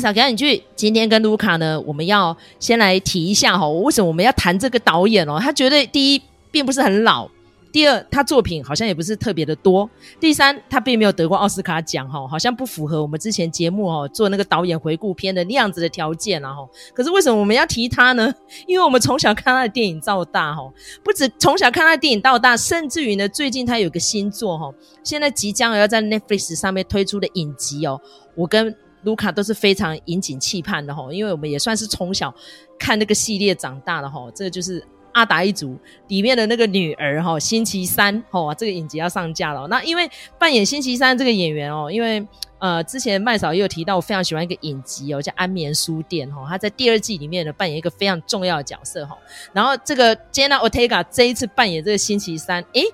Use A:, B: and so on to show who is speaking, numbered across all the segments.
A: 小樣？你去今天跟路卡呢？我們要先來提一下吼，為什麼我們要談這個導演哦？他絕對第一，並不是很老；第二，他作品好像也不是特別的多；第三，他並沒有得過奧斯卡獎哈，好像不符合我們之前節目哦，做那個導演回顧片的那樣子的條件了哈。可是為什麼我們要提他呢？因為我們從小看他的電影到大哈，不止從小看他的電影到大，甚至於呢，最近他有個新作哈，現在即將要在 Netflix 上面推出的影集哦，我跟。路卡都是非常引頸期盼的哈，因為我們也算是從小看那個系列長大的哈，這個、就是阿達一族裡面的那個女兒哈，星期三哈，這個影集要上架了。那因為扮演星期三這個演員哦，因為呃之前麥嫂也有提到，我非常喜歡一個影集哦、喔，叫《安眠書店》哈，她在第二季裡面呢扮演一個非常重要的角色哈。然後這個 Jenna Ortega 這一次扮演這個星期三，誒、欸，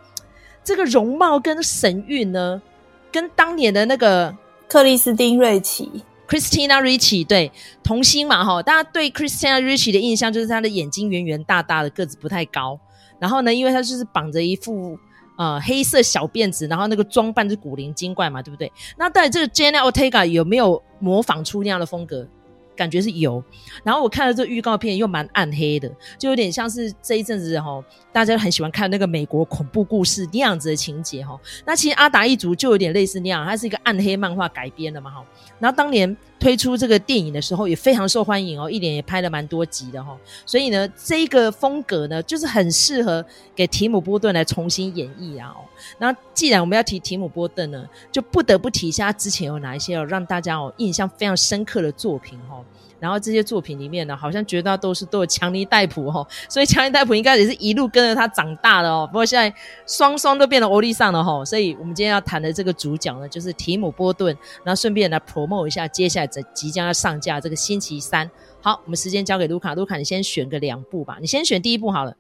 A: 這個容貌跟神韻呢，跟當年的那個。克里斯汀·瑞奇 （Christina Ricci） 對，童星嘛，哈，大家對 Christina Ricci 的印象就是她的眼睛圓圓大大的，個子不太高。然後呢，因為她就是綁着一副呃黑色小辮子，然後那個裝扮就古靈精怪嘛，對不對？那到底這個 Jenna Ortega 有沒有模仿出那樣的風格？感覺是油，然後我看了這個預告片又蠻暗黑的，就有點像是這一陣子吼，大家很喜歡看那個美國恐怖故事那樣子的情節吼，那其實阿達一族就有點類似那樣，它是一個暗黑漫畫改編的嘛吼，然後當年。推出這個電影的時候也非常受歡迎哦，一連也拍了蠻多集的哦。所以呢，這一個風格呢，就是很適合給提姆波頓來重新演繹啊，哦。那既然我們要提提姆波頓呢，就不得不提一下他之前有哪一些哦讓大家哦印象非常深刻的作品哦。然後這些作品裡面呢，好像絕大多數都有強尼戴普哈、哦，所以強尼戴普應該也是一路跟着他長大的哦。不過現在雙雙都變得歐里桑了哈、哦，所以我們今天要談的這個主角呢，就是提姆波頓，然後順便來 promote 一下接下來即將要上架這個星期三。好，我們時間交給盧卡，盧卡你先選個兩部吧，你先選第一部好了。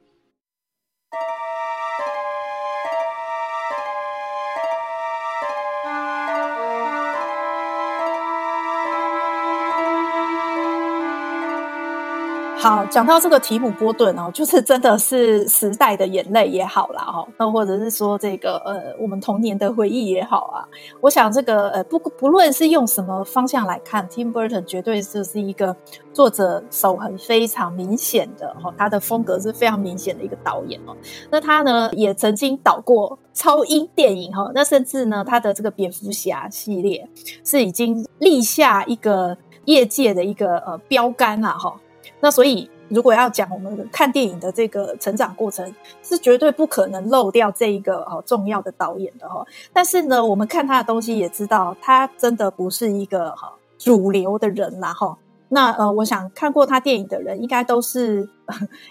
B: 好，講到這個提姆·波頓哦，就是真的是時代的眼淚也好啦。哈，那或者是說這個呃，我們童年的回憶也好啊。我想這個呃，不不論是用什麼方向來看，Tim Burton 絕對就是一個作者手痕非常明顯的哈，他的風格是非常明顯的一個導演哦。那他呢也曾經導過超英電影哈，那甚至呢他的這個蝙蝠俠系列是已經立下一個業界的一個呃標杆了哈。那所以，如果要講我們看電影的這個成長過程，是絕對不可能漏掉這一個好重要的導演的哈。但是呢，我們看他的東西也知道，他真的不是一個主流的人啦哈。那呃，我想看過他電影的人，應該都是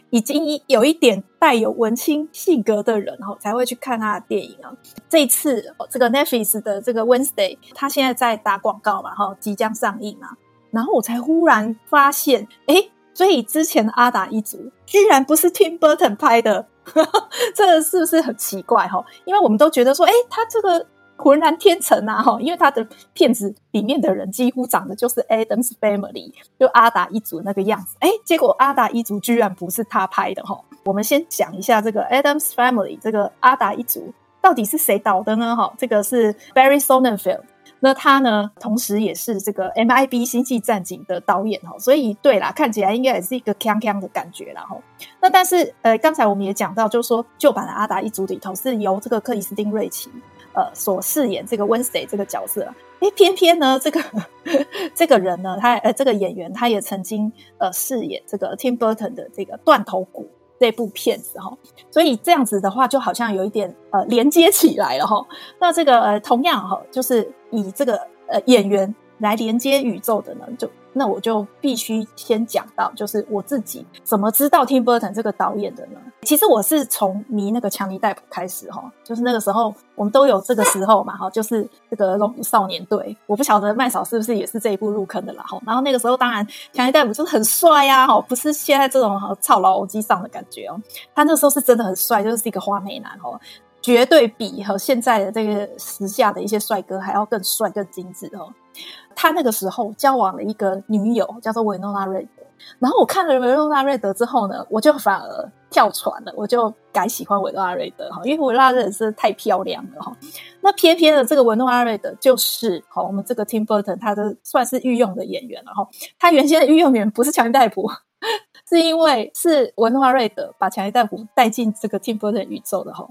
B: 已經有一點帶有文青性格的人哈，才會去看他的電影啊。這一次這個 Netflix 的這個 Wednesday，他現在在打廣告嘛哈，即將上映嘛。然後我才忽然發現，哎。所以之前的阿達一族居然不是 Tim Burton 拍的， 這是不是很奇怪哈？因為我們都覺得說，誒、欸，他這個渾然天成啊哈，因為他的片子裡面的人幾乎長得就是 Adam's Family，就阿達一族那個樣子。誒、欸，結果阿達一族居然不是他拍的哈。我們先講一下這個 Adam's Family，這個阿達一族到底是誰導的呢？哈，這個是 Barry Sonnenfeld。那他呢，同時也是這個 M I B 星際戰警的導演哦，所以對啦，看起來應該也是一個鏘鏘的感覺啦哈。那但是呃，剛才我們也講到，就是說舊版的阿達一族裡頭是由這個克里斯汀瑞奇呃所飾演這個 Wednesday 這個角色，誒、欸，偏偏呢這個呵呵這個人呢，他呃這個演員他也曾經呃飾演這個 Tim Burton 的這個斷頭谷，這部片子，哈，所以這樣子的話就好像有一點呃連接起來了，哈。那這個呃同樣哈，就是以這個呃演員來連接宇宙的呢，就那我就必須先講到，就是我自己怎麼知道 Tim Burton 這個導演的呢？其實我是從迷那個強尼戴普開始哈，就是那個時候我們都有這個時候嘛哈，就是這個龍虎少年隊，我不曉得麥嫂是不是也是這一部入坑的啦哈。然後那個時候當然強尼戴普就是很帥呀哈，不是現在這種操勞歐吉桑的感覺哦，他那個時候是真的很帥，就是一個花美男哦。絕對比和現在的這個時下的一些帥哥還要更帥、更精致哦。他那個時候交往了一個女友叫做薇諾娜瑞德，然後我看了薇諾娜瑞德之後呢，我就反而跳船了，我就改喜歡薇諾娜瑞德哈，因為薇諾娜真的是太漂亮了哈。那偏偏的這個薇諾娜瑞德就是哈，我們這個 Tim Burton 他的算是御用的演員了哈。他原先的御用員不是強尼戴普，是因為是薇諾娜瑞德把強尼戴普帶進這個 Tim Burton 宇宙的哈。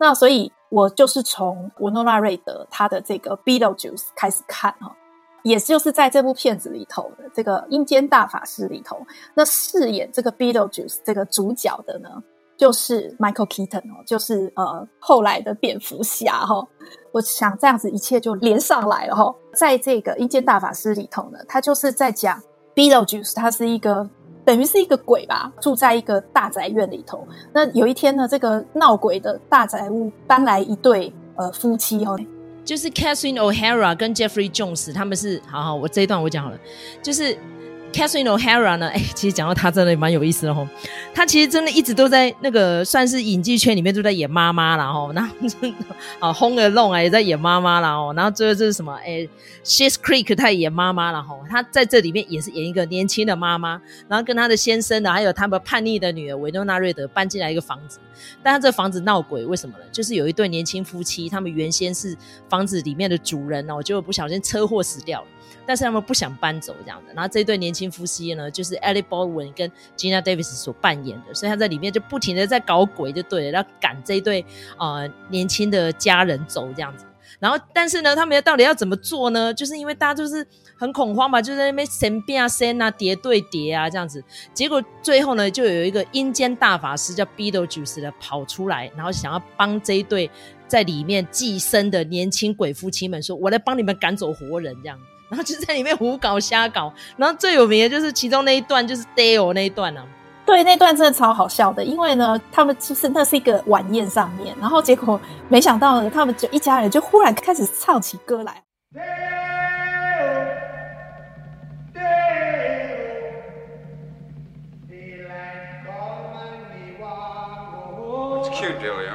B: 那所以，我就是從薇諾娜瑞德他的這個 Beetlejuice 開始看哈、哦，也就是在這部片子裡頭的這個陰間大法師裡頭，那飾演這個 Beetlejuice 這個主角的呢，就是 Michael Keaton 哦,就是呃後來的蝙蝠俠哈、哦。我想這樣子一切就連上來了哈、哦，在這個陰間大法師裡頭呢，他就是在講 Beetlejuice，他是一個。等於是一個鬼吧，住在一個大宅院裡頭。那有一天呢，這個鬧鬼的大宅屋搬來一對呃夫妻哦，
A: 就是 Catherine O'Hara 跟 Jeffrey Jones，他們是好好，我這一段我講好了，就是。Catherine O'Hara 呢？哎、欸，其實講到她，真的也蠻有意思的吼。她其實真的一直都在那個算是影劇圈裡面都在演媽媽了吼。然後就啊，《轟 o m 啊也在演媽媽了哦。然後最後這是什麼？哎、欸，《Shes Creek》也演媽媽了吼。她在這裡面也是演一個年輕的媽媽，然後跟她的先生的還有他們叛逆的女兒維諾娜·瑞德搬進來一個房子。但她這房子鬧鬼，為什麼呢？就是有一對年輕夫妻，他們原先是房子裡面的主人哦，結果不小心車禍死掉了。但是他們不想搬走這樣的，然後這對年輕夫妻呢，就是 Ellie Baldwin 跟 Gina Davis 所扮演的，所以他在裡面就不停的在搞鬼，就對了，要趕這一對啊、呃、年輕的家人走這樣子。然後，但是呢，他們到底要怎麼做呢？就是因為大家就是很恐慌嘛，就是、在那邊神變啊、仙啊、疊對疊啊這樣子。結果最後呢，就有一個陰間大法師叫 Beetlejuice 的跑出來，然後想要幫這一對在裡面寄生的年輕鬼夫妻們說：“我來幫你們趕走活人。”這樣子。然後就在裡面胡搞瞎搞，然後最有名的就是其中那一段，就是 “Day-O” 那一段啊。
B: 對，那段真的超好笑的，因為呢，他們就是那是一個晚宴上面，然後結果沒想到呢，他們就一家人就忽然開始唱起歌來。Day-O, Day-O.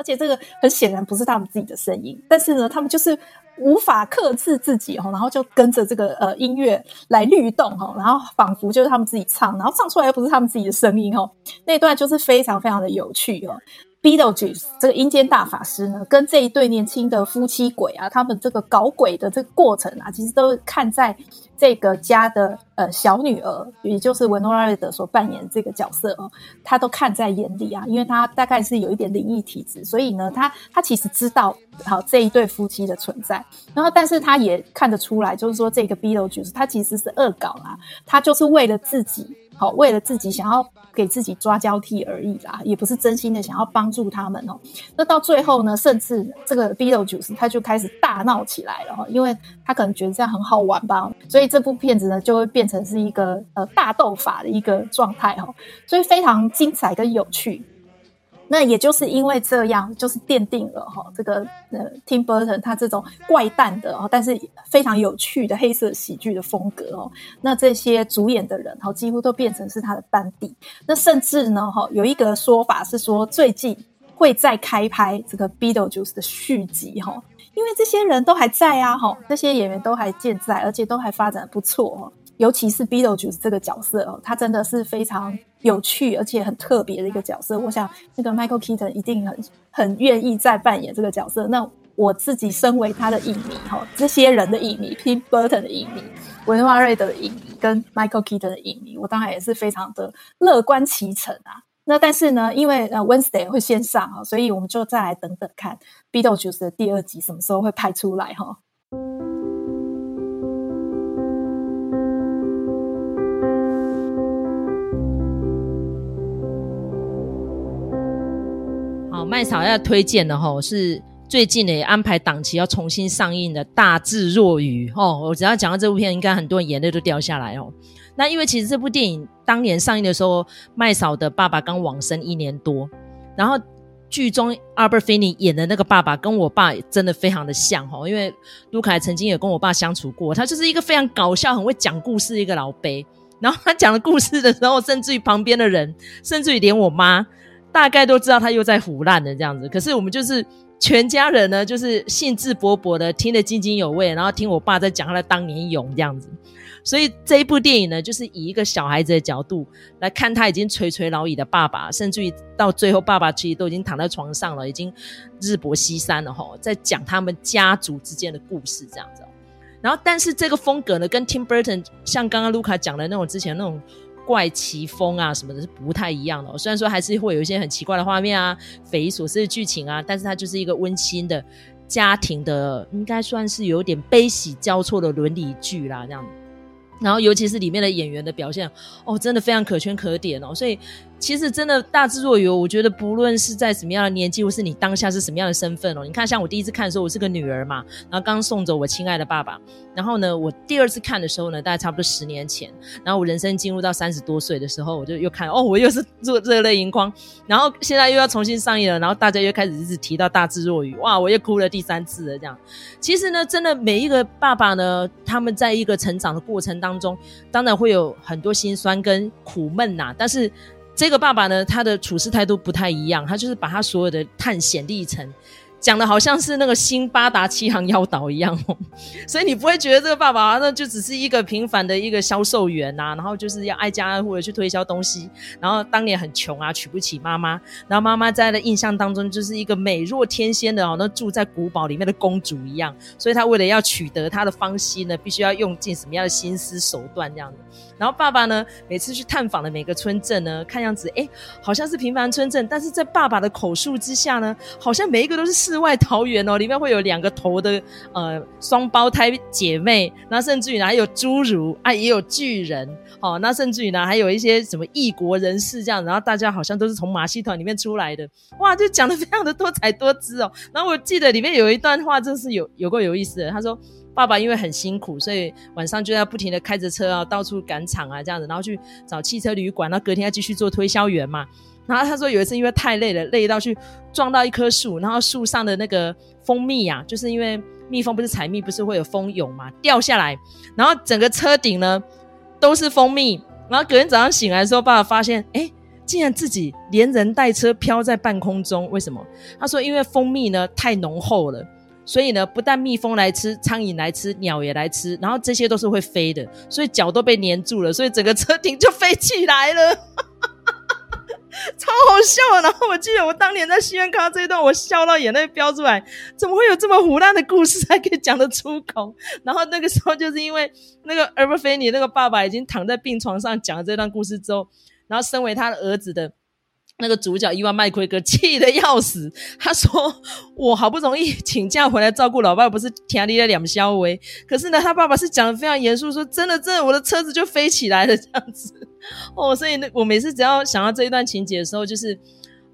B: 而且這個很顯然不是他們自己的聲音，但是呢，他們就是無法克制自己哦，然後就跟着這個呃音樂來律動哦，然後仿佛就是他們自己唱，然後唱出來又不是他們自己的聲音哦，那一段就是非常非常的有趣哦。Beetlejuice 這個陰間大法師呢，跟這一對年輕的夫妻鬼啊，他們這個搞鬼的這個過程啊，其實都看在。這個家的呃小女兒，也就是 Winona Ryder 所扮演的這個角色哦，她都看在眼裡啊，因為她大概是有一點靈異體質，所以呢，她她其實知道好、哦、這一對夫妻的存在，然後但是她也看得出來，就是說這個 Beetlejuice 他其實是惡搞啊，他就是為了自己好、哦，為了自己想要給自己抓交替而已啦，也不是真心的想要幫助他們哦。那到最後呢，甚至這個 Beetlejuice 他就開始大鬧起來了、哦，因為。他可能覺得這樣很好玩吧，所以這部片子呢，就會變成是一個呃大鬥法的一個狀態哈、哦，所以非常精彩跟有趣。那也就是因為這樣，就是奠定了哈、哦、這個呃 Tim Burton 他這種怪誕的、哦，但是非常有趣的黑色喜劇的風格哦。那這些主演的人哈、哦、幾乎都變成是他的班底。那甚至呢哈、哦、有一個說法是說，最近會再開拍這個 Beetlejuice 的續集哈。哦。因為這些人都還在啊，齁，這些演員都還健在，而且都還發展得不錯，尤其是 Beetlejuice 這個角色哦，他真的是非常有趣，而且很特別的一個角色。我想那個 Michael Keaton 一定很很願意再扮演這個角色。那我自己身為他的影迷齁，這些人的影迷，Tim Burton 的影迷， 文華瑞德的影迷，跟 Michael Keaton 的影迷，我當然也是非常的樂觀其成啊。那但是呢，因為呃，Wednesday 會先上，所以我們就再來等等看《Beetlejuice》的第二集什麼時候會拍出來哈。
A: 好，麥嫂要推薦的哈，是最近也安排檔期要重新上映的《大智若魚》哦。我只要講到這部片，應該很多人眼淚都掉下來哦。那因為其實這部電影當年上映的時候，麥嫂的爸爸剛往生一年多，然後劇中阿爾貝·芬尼演的那個爸爸跟我爸真的非常的像吼，因為路卡曾經也跟我爸相處過，他就是一個非常搞笑、很會講故事的一個老輩，然後他講的故事的時候，甚至於旁邊的人，甚至於連我媽大概都知道他又在唬爛的這樣子，可是我們就是全家人呢，就是興致勃勃的聽得津津有味，然後聽我爸在講他的當年勇這樣子。所以這一部電影呢，就是以一個小孩子的角度來看，他已經垂垂老矣的爸爸，甚至於到最後，爸爸其實都已經躺在床上了，已經日薄西山了吼。在講他們家族之間的故事這樣子。然後，但是這個風格呢，跟 Tim Burton 像剛剛路卡講的那種之前那種怪奇風啊什麼的是不太一樣的。雖然說還是會有一些很奇怪的畫面啊、匪夷所思的劇情啊，但是它就是一個溫馨的家庭的，應該算是有點悲喜交錯的倫理劇啦，這樣子。然後，尤其是裡面的演員的表現，哦，真的非常可圈可點哦，所以。其實真的大智若魚，哦，我覺得不論是在什麼樣的年紀，或是你當下是什麼樣的身份哦。你看，像我第一次看的時候，我是個女兒嘛，然後剛送走我親愛的爸爸，然後呢，我第二次看的時候呢，大概差不多十年前，然後我人生進入到三十多歲的時候，我就又看哦，我又是熱淚盈眶，然後現在又要重新上映了，然後大家又開始一直提到大智若魚，哇，我又哭了第三次了這樣。其實呢，真的每一個爸爸呢，他們在一個成長的過程當中，當然會有很多心酸跟苦悶吶，啊，但是。這個爸爸呢，他的處事態度不太一樣，他就是把他所有的探險歷程。講的好像是那個《辛巴達七航妖島》一樣哦，所以你不會覺得這個爸爸、啊、那就只是一個平凡的一個銷售員吶、啊，然後就是要挨家挨戶的去推銷東西，然後當年很窮啊，娶不起媽媽，然後媽媽在的印象當中就是一個美若天仙的哦，那住在古堡裡面的公主一樣，所以他為了要取得她的芳心呢，必須要用盡什麼樣的心思手段這樣的，然後爸爸呢，每次去探訪的每個村鎮呢，看樣子哎、欸、好像是平凡村鎮，但是在爸爸的口述之下呢，好像每一個都是。世外桃源哦，裡面會有兩個頭的呃雙胞胎姐妹，那甚至於還有侏儒啊，也有巨人，哦。那甚至於呢還有一些什麼異國人士這樣，然後大家好像都是從馬戲團裡面出來的，哇，就講的非常的多才多姿哦。然後我記得裡面有一段話，真是有有夠有意思的。他說：“爸爸因為很辛苦，所以晚上就要不停的開着車啊，到處趕場啊，這樣子，然後去找汽車旅館，然後隔天要繼續做推銷員嘛。”然後他說有一次因為太累了，累到去撞到一棵樹，然後樹上的那個蜂蜜啊，就是因為蜜蜂不是採蜜，不是會有蜂蛹嘛，掉下來，然後整個車頂呢都是蜂蜜。然後隔天早上醒來的時候，爸爸發現，哎，竟然自己連人帶車飄在半空中，為什麼？他說因為蜂蜜呢太濃厚了，所以呢不但蜜蜂來吃，蒼蠅來吃，鳥也來吃，然後這些都是會飛的，所以腳都被黏住了，所以整個車頂就飛起來了。超好笑！然後我記得我當年在戲院看到這一段，我笑到眼淚飆出來。怎麼會有這麼胡亂的故事還可以講得出口？然後那個時候就是因為那個亞伯芬尼那個爸爸已經躺在病床上講了這段故事之後，然後身為他的兒子的那個主角伊萬麥奎格氣得要死。他說：“我好不容易請假回來照顧老爸，我不是天黑了兩小時。可是呢，他爸爸是講得非常嚴肅，說真的，真的，我的車子就飛起來了這樣子。”哦，所以呢，我每次只要想到這一段情節的時候，就是，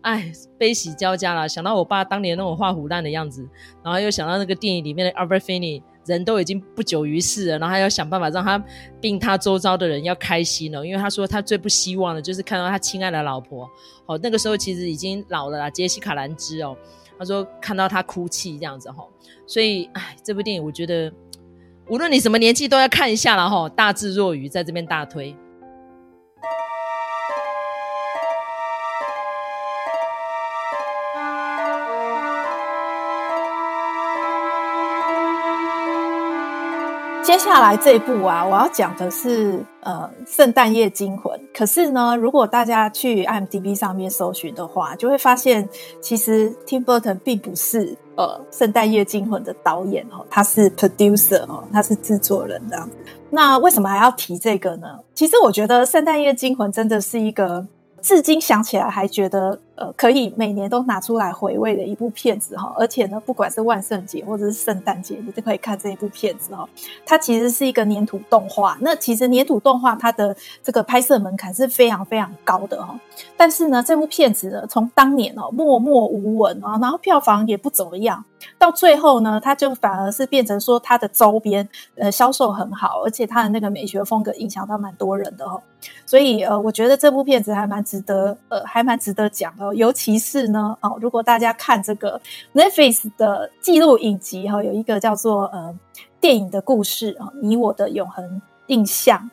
A: 哎，悲喜交加了。想到我爸當年那種畫虎爛的樣子，然後又想到那個電影裡面的 Albert Finney，人都已經不久於世了，然後還要想辦法讓他病他周遭的人要開心了。哦，因為他說他最不希望的就是看到他親愛的老婆，哦，那個時候其實已經老了啦，杰西卡蘭芝哦，他說看到他哭泣這樣子吼。哦，所以哎，這部電影我覺得無論你什麼年紀都要看一下了吼。哦，大智若魚在這邊大推。
B: 接下來這一部啊，我要講的是呃《聖誕夜驚魂》。可是呢，如果大家去 IMDB 上面搜尋的話，就會發現其實 Tim Burton 並不是呃《聖誕夜驚魂》的導演哦，他是 producer 哦，他是製作人這樣啊。那為什麼還要提這個呢？其實我覺得《聖誕夜驚魂》真的是一個至今想起來還覺得，呃，可以每年都拿出來回味的一部片子哈、哦，而且呢，不管是萬聖節或者是聖誕節，你都可以看這一部片子哈、哦。它其實是一個粘土動畫，那其實粘土動畫它的這個拍攝門檻是非常非常高的哦。但是呢，這部片子呢，從當年哦默默無聞哦，然後票房也不怎麼樣，到最後呢，它就反而是變成說它的周邊呃銷售很好，而且它的那個美學風格影響到蠻多人的哦。所以呃，我覺得這部片子還蠻值得呃還蠻值得講的。尤其是呢，哦，如果大家看這個 Netflix 的紀錄影集哈、哦，有一個叫做呃電影的故事啊，你、哦、我的永恆印象、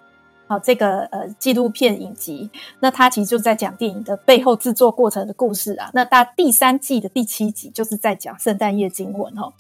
B: 哦、這個呃紀錄片影集，那它其實就在講電影的背後製作過程的故事啊。那大第三季的第七集就是在講聖誕夜驚魂哦。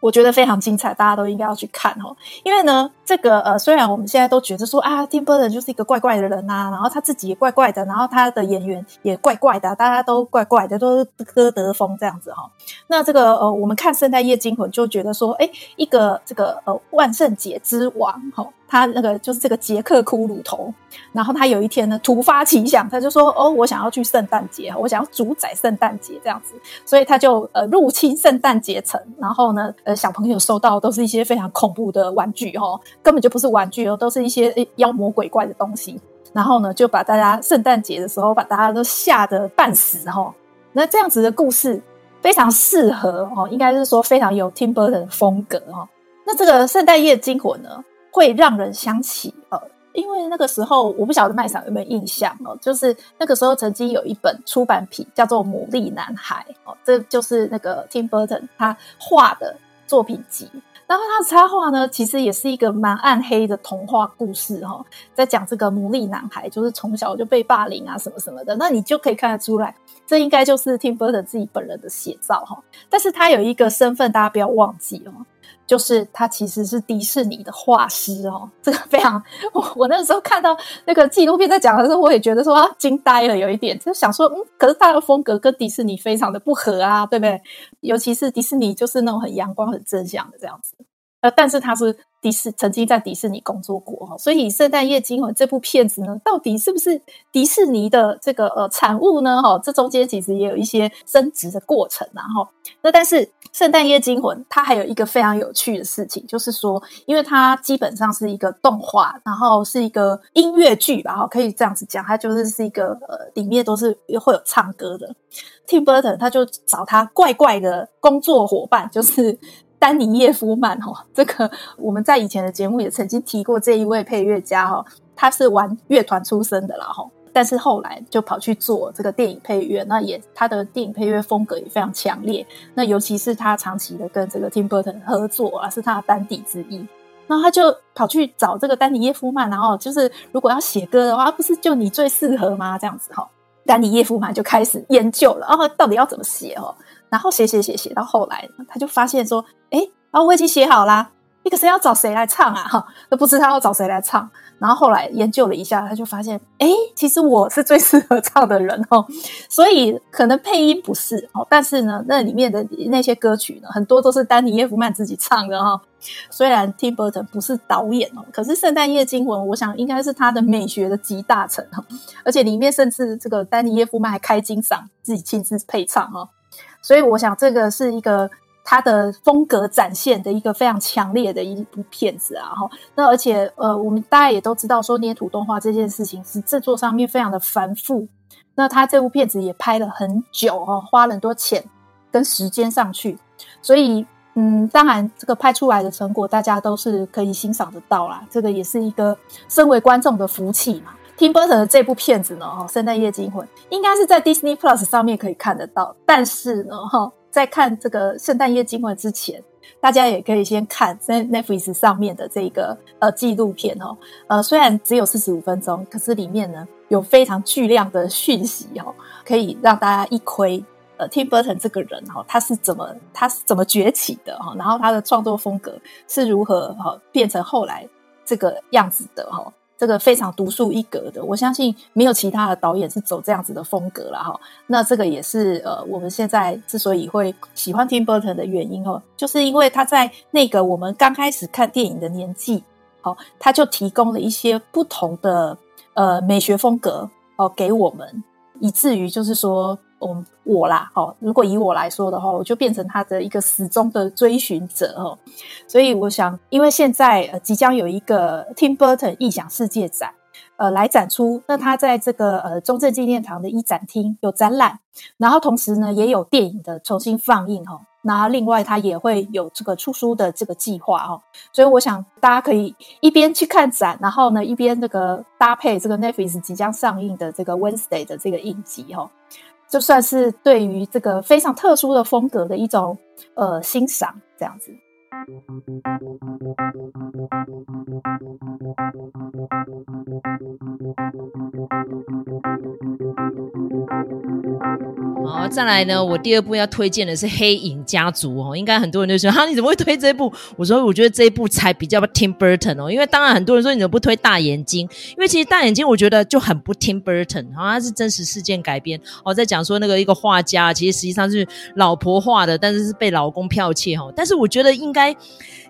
B: 我覺得非常精彩，大家都應該要去看哦。因為呢，這個呃，雖然我們現在都覺得說啊，Tim Burton 就是一個怪怪的人吶、啊，然後他自己也怪怪的，然後他的演員也怪怪的，大家都怪怪的，都歌德風這樣子哈、哦。那這個呃，我們看《聖誕夜驚魂》就覺得說，誒一個這個呃萬聖節之王哈、哦，他那個就是這個傑克骷髏頭，然後他有一天呢突發奇想，他就說哦，我想要去聖誕節，我想要主宰聖誕節這樣子，所以他就呃入侵聖誕節城，然後呢。呃，小朋友收到都是一些非常恐怖的玩具哦，根本就不是玩具哦，都是一些妖魔鬼怪的東西。然後呢，就把大家聖誕節的時候把大家都嚇得半死哈、哦。那這樣子的故事非常適合哦，應該是說非常有 Tim Burton 的風格哦。那這個《聖誕夜驚魂》呢，會讓人想起呃、哦，因為那個時候我不曉得麥嫂有沒有印象哦，就是那個時候曾經有一本出版品叫做《牡蠣男孩》哦，這就是那個 Tim Burton 他畫的作品集，然後他的插畫呢，其實也是一個蠻暗黑的童話故事哈、哦，在講這個牡蠣男孩，就是從小就被霸凌啊什麼什麼的，那你就可以看得出來，這應該就是 Tim Burton 自己本人的寫照哈、哦。但是他有一個身份，大家不要忘記哦。就是他其實是迪士尼的畫師哦，這個非常我我那時候看到那個紀錄片在講的時候，我也覺得說啊驚呆了有一點，就是想說嗯，可是他的風格跟迪士尼非常的不合啊，對不對？尤其是迪士尼就是那種很陽光、很正向的這樣子。呃，但是他是迪士曾經在迪士尼工作過哦，所以《聖誕夜驚魂》這部片子呢，到底是不是迪士尼的這個呃產物呢？哈、哦，這中間其實也有一些升值的過程，然、哦、後那但是《聖誕夜驚魂》它還有一個非常有趣的事情，就是說，因為它基本上是一個動畫，然後是一個音樂劇吧，哈、哦，可以這樣子講，它就是是一個呃，裡面都是會有唱歌的。Tim Burton 他就找他怪怪的工作夥伴，就是。丹尼耶夫曼哈，這個我們在以前的節目也曾經提過這一位配樂家哈，他是玩樂團出身的啦哈，但是後來就跑去做這個電影配樂，那也他的電影配樂風格也非常強烈，那尤其是他長期的跟這個 Tim Burton 合作，而是他的班底之一，然後他就跑去找這個丹尼耶夫曼，然後就是如果要寫歌的話，不是就你最適合嗎？這樣子哈，丹尼耶夫曼就開始研究了，哦，到底要怎麼寫哦，然後寫寫寫寫到後來，他就發現說。然、啊、後我已經寫好啦，你可是要找誰來唱啊？哈，都不知他要找誰來唱。然後後來研究了一下，他就發現，哎，其實我是最適合唱的人哦。所以可能配音不是哦，但是呢，那裡面的那些歌曲呢，很多都是丹尼·葉夫曼自己唱的哈、哦。雖然 Tim Burton 不是導演哦，可是《聖誕夜驚魂》我想應該是他的美學的集大成哈、哦。而且裡面甚至這個丹尼·葉夫曼還開金嗓自己親自配唱哈、哦。所以我想這個是一個。它的風格展現的一個非常強烈的一部片子啊，哈，那而且呃，我們大家也都知道，說捏土動畫這件事情是製作上面非常的繁複，那他這部片子也拍了很久哦，花了很多錢跟時間上去，所以嗯，當然這個拍出來的成果大家都是可以欣賞得到啦，這個也是一個身為觀眾的福氣嘛。Tim Burton 的這部片子呢，哈，《聖誕夜驚魂》應該是在 Disney Plus 上面可以看得到，但是呢，哈。在看這個聖誕夜驚魂之前，大家也可以先看在 Netflix 上面的這一個呃紀錄片哦。呃，雖然只有四十五分鐘，可是裡面呢有非常巨量的訊息哦，可以讓大家一窺呃 Tim Burton 這個人哦，他是怎麼他是怎麼崛起的哈、哦，然後他的創作風格是如何哈、哦、變成後來這個樣子的哦。這個非常獨樹一格的，我相信沒有其他的導演是走這樣子的風格了哈。那這個也是呃，我們現在之所以會喜歡 Tim Burton 的原因哦，就是因為他在那個我們剛開始看電影的年紀，好、哦，他就提供了一些不同的呃美學風格哦給我們，以至於就是說。嗯、哦，我啦，哦，如果以我來說的話，我就變成他的一個始終的追尋者哦。所以我想，因為現在呃即將有一個 Tim Burton 異想世界展，呃來展出，那他在這個呃中正紀念堂的一展廳有展覽，然後同時呢也有電影的重新放映哈。那、哦、另外他也會有這個出書的這個計劃哈。所以我想大家可以一邊去看展，然後呢一邊這個搭配這個 Netflix 即將上映的這個 Wednesday 的這個影集哈。哦就算是對於這個非常特殊的風格的一種呃欣賞，這樣子。嗯
A: 再來呢，我第二部要推薦的是《黑影家族》哦，應該很多人都說：“哈，你怎麼會推這一部？”我說：“我覺得這一部才比較 Tim Burton 哦，因為當然很多人說你怎麼不推《大眼睛》，因為其實《大眼睛》我覺得就很不 Tim Burton，哦，它是真實事件改編哦，在講說那個一個畫家，其實實際上是老婆畫的，但是是被老公剽竊哦，但是我覺得應該。”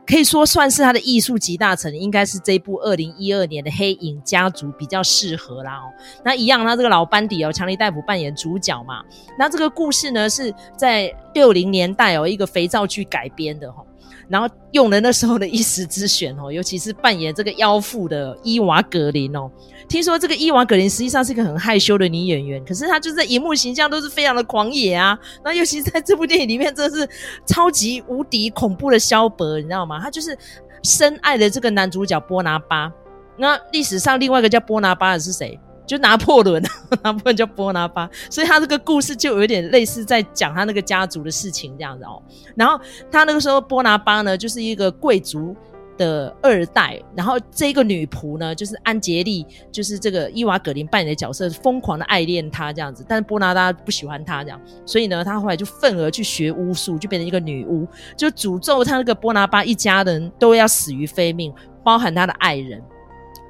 A: 可以說算是他的藝術集大成，應該是這部二零一二年的《黑影家族》比較適合啦哦。那一樣，他這個老班底哦，強尼戴普扮演主角嘛。那這個故事呢，是在六零年代有、哦、一個肥皂劇改編的哈、哦。然後用了那時候的一時之選哦，尤其是扮演這個妖婦的伊娃·格林哦，聽說這個伊娃·格林實際上是一個很害羞的女演員，可是她就是在熒幕形象都是非常的狂野啊。那尤其在這部電影裡面，真的是超級無敵恐怖的肖伯，你知道嗎？他就是深愛的這個男主角波拿巴。那歷史上另外一個叫波拿巴的是誰？就拿破崙，拿破崙叫波拿巴，所以他這個故事就有點類似在講他那個家族的事情這樣子哦。然後他那個時候波拿巴呢就是一個貴族的二代，然後這個女僕呢就是安杰利，就是這個伊娃葛林扮演的角色，瘋狂的愛戀他這樣子，但是波拿巴不喜歡他這樣，所以呢他後來就憤而去學巫術，就變成一個女巫，就詛咒他那個波拿巴一家人都要死於非命，包含他的愛人，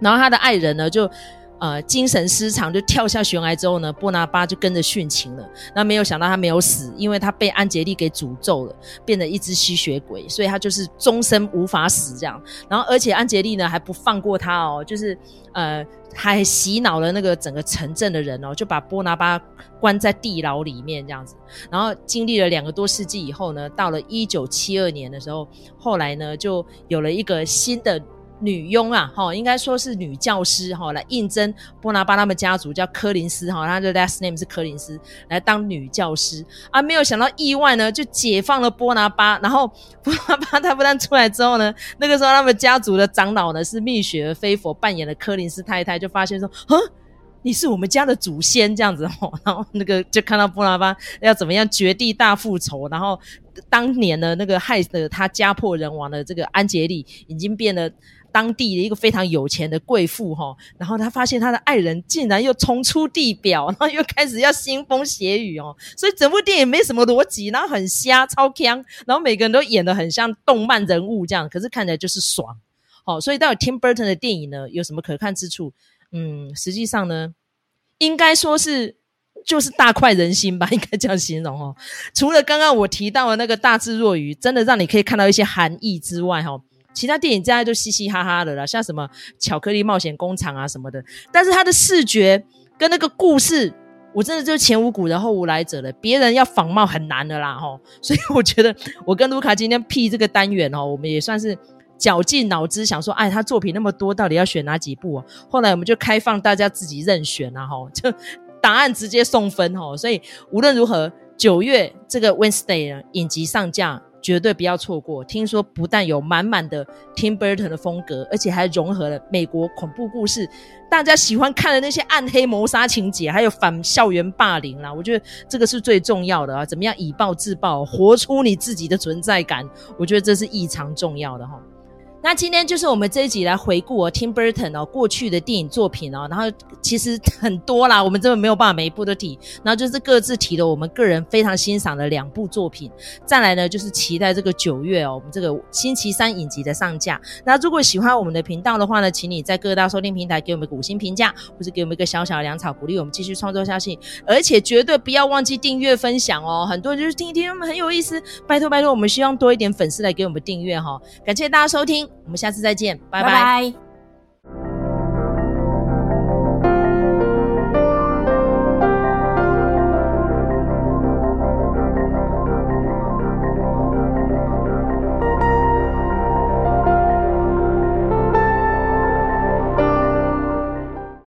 A: 然後他的愛人呢就。呃，精神失常就跳下懸崖之後呢，波拿巴就跟着殉情了。那沒有想到他沒有死，因為他被安杰麗給詛咒了，變成一隻吸血鬼，所以他就是終身無法死這樣。然後，而且安杰麗呢還不放過他哦，就是呃還洗腦了那個整個城鎮的人哦，就把波拿巴關在地牢裡面這樣子。然後經歷了兩個多世紀以後呢，到了一九七二年的時候，後來呢就有了一個新的。女傭啊，哈、哦，應該說是女教師哈、哦，來應徵波拿巴他們家族叫柯林斯哈、哦，他的 last name 是柯林斯，來當女教師啊，沒有想到意外呢，就解放了波拿巴，然後波拿巴他不但出來之後呢，那個時候他們家族的長老呢是蜜雪兒菲佛扮演的柯林斯太太，就發現說，啊，你是我們家的祖先這樣子哦，然後那個就看到波拿巴要怎麼樣絕地大復仇，然後當年呢那個害得他家破人亡的這個安杰利已經變了。當地的一個非常有錢的貴婦哈、哦，然後他發現他的愛人竟然又衝出地表，然後又開始要腥風血雨哦，所以整部電影沒什麼邏輯，然後很瞎，超鏘，然後每個人都演得很像動漫人物這樣，可是看起來就是爽哦。所以到底 Tim Burton 的電影呢，有什麼可看之處？嗯，實際上呢，應該說是就是大快人心吧，應該這樣形容哦。除了剛剛我提到的那個大智若魚，真的讓你可以看到一些含義之外哈、哦。其他電影現在都嘻嘻哈哈的啦，像什麼《巧克力冒險工廠》啊什麼的，但是他的視覺跟那個故事，我真的就前無古人後無來者了，別人要仿冒很難的啦吼。所以我覺得我跟盧卡今天 P 這個單元哦，我們也算是絞盡腦汁想說，哎，他作品那麼多，到底要選哪幾部啊？後來我們就開放大家自己任選啦啊吼，就答案直接送分吼。所以無論如何，九月這個 Wednesday 呢，影集上架，絕對不要錯過！聽說不但有滿滿的 Tim Burton 的風格，而且還融合了美國恐怖故事，大家喜歡看的那些暗黑謀殺情節，還有反校園霸凌啦、啊。我覺得這個是最重要的啊！怎麼樣以暴制暴，活出你自己的存在感？我覺得這是異常重要的哈。那今天就是我們這一集來回顧哦，Tim Burton 哦，過去的電影作品哦，然後其實很多啦，我們真的沒有辦法每一部都提，然後就是各自提了我們個人非常欣賞的兩部作品。再來呢，就是期待這個九月哦，我們這個星期三影集的上架。那如果喜歡我們的頻道的話呢，請你在各大收聽平台給我們五星評價，或是給我們一個小小的糧草鼓，鼓勵我們繼續創作下去。而且絕對不要忘記訂閱分享哦，很多人就是聽一聽，我們很有意思。拜托拜托，我們希望多一點粉絲來給我們訂閱哈，感謝大家收聽。我們下次再見，拜拜。Bye bye